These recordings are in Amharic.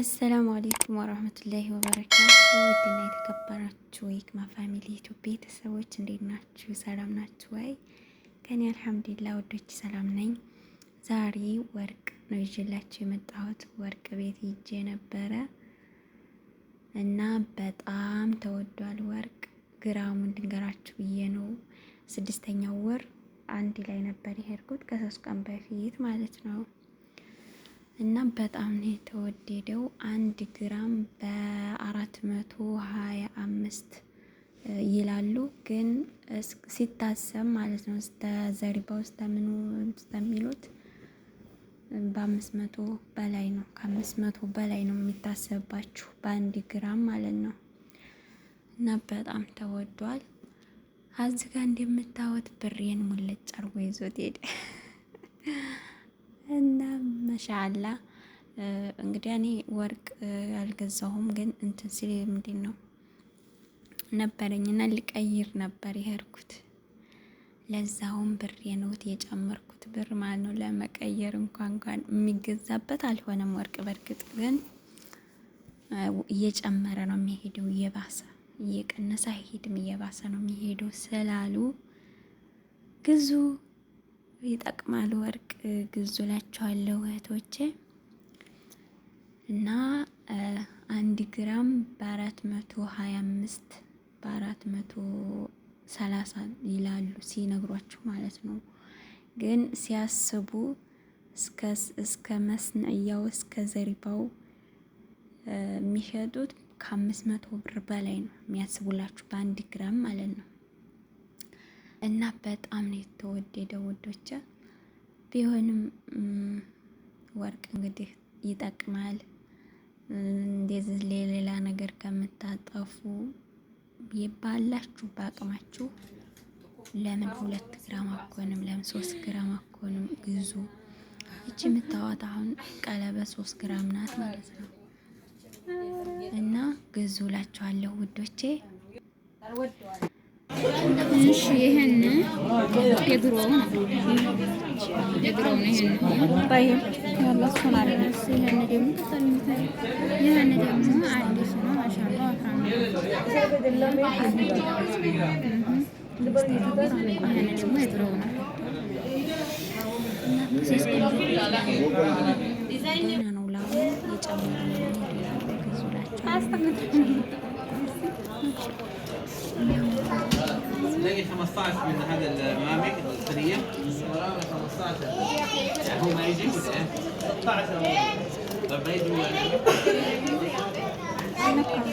አሰላሙ አሌይኩም ወረህመቱላሂ ወበረካቱ። ውድና የተከበራችሁ የሂክማ ፋሚሊ ዩቲዩብ ቤተሰቦች እንዴት ናችሁ? ሰላም ናችሁ ወይ? ከኔ አልሐምዱሊላ ወዶች ሰላም ነኝ። ዛሬ ወርቅ ነው ይዤላችሁ የመጣሁት። ወርቅ ቤት ይዤ ነበረ እና በጣም ተወዷል ወርቅ። ግራሙን ድንገራችሁ ብዬ ነው። ስድስተኛው ወር አንድ ላይ ነበር የሄድኩት ከሶስት ቀን በፊት ማለት ነው እና በጣም ነው የተወደደው። አንድ ግራም በአራት መቶ ሀያ አምስት ይላሉ ግን ሲታሰብ ማለት ነው እስከ ዘሪባው እስከምኑ እስከሚሉት በአምስት መቶ በላይ ነው። ከአምስት መቶ በላይ ነው የሚታሰባችሁ በአንድ ግራም ማለት ነው እና በጣም ተወዷል። አዚጋ እንደምታወት ብሬን ሙለጭ አርጎ ይዞት ሄደ። እንሻአላ እንግዲህ እኔ ወርቅ አልገዛሁም፣ ግን እንትን ሲል ምንድን ነው ነበረኝና ልቀይር ነበር የሄድኩት። ለዛውም ብር የኖት የጨመርኩት ብር ማለት ነው። ለመቀየር እንኳን እንኳን የሚገዛበት አልሆነም ወርቅ። በእርግጥ ግን እየጨመረ ነው የሚሄደው፣ እየባሰ እየቀነሰ አይሄድም፣ እየባሰ ነው የሚሄደው ስላሉ ግዙ ይጠቅማል። ወርቅ ግዙላችኋለሁ እህቶቼ እና አንድ ግራም በአራት መቶ ሀያ አምስት በአራት መቶ ሰላሳ ይላሉ ሲነግሯችሁ ማለት ነው። ግን ሲያስቡ እስከ መስነያው እስከ ዘሪባው የሚሸጡት ከአምስት መቶ ብር በላይ ነው የሚያስቡላችሁ በአንድ ግራም ማለት ነው። እና በጣም ነው የተወደደው ውዶች። ቢሆንም ወርቅ እንግዲህ ይጠቅማል። እንደዚህ ሌላ ነገር ከምታጠፉ ይባላችሁ በአቅማችሁ ለምን ሁለት ግራም አኮንም ለምን ሶስት ግራም አኮንም ግዙ። ይቺ የምታዋት አሁን ቀለበት ሶስት ግራም ናት ማለት ነው። እና ግዙ ላችኋለሁ ውዶቼ። ትንሽ ይሄን የድሮውን የድሮውን ይሄን ይሄን ደግሞ ይሄን ደግሞ አዲስ ነው። ማሻአላ ይሄን ደግሞ የድሮው ነው። ነው ላ የጨመረ باقي 15 من هذا المامك الثريه ورانا 15 يعني هو ما يجي ولا 16 إيه؟ طب ما يجي ولا لا انا كنت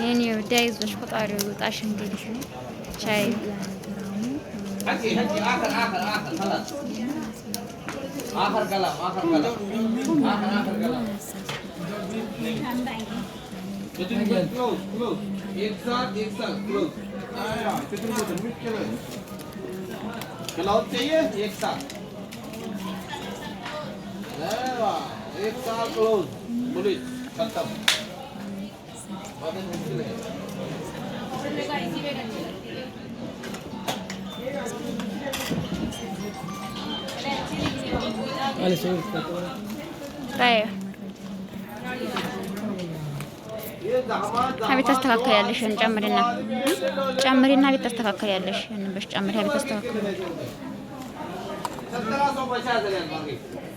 የኔ ወዳ ይዞሽ ፈጣሪ ይውጣሽ። እንደዚህ ቻይ Close चाहिए एक साथ एक सहा क्लोज मुली खतम काय አቤት ታስተካከያለሽ፣ ጨምሪና ጨምሪና፣ አቤት ታስተካከያለሽ፣ እንበሽ ጨምሪ፣ አቤት ታስተካከያለሽ።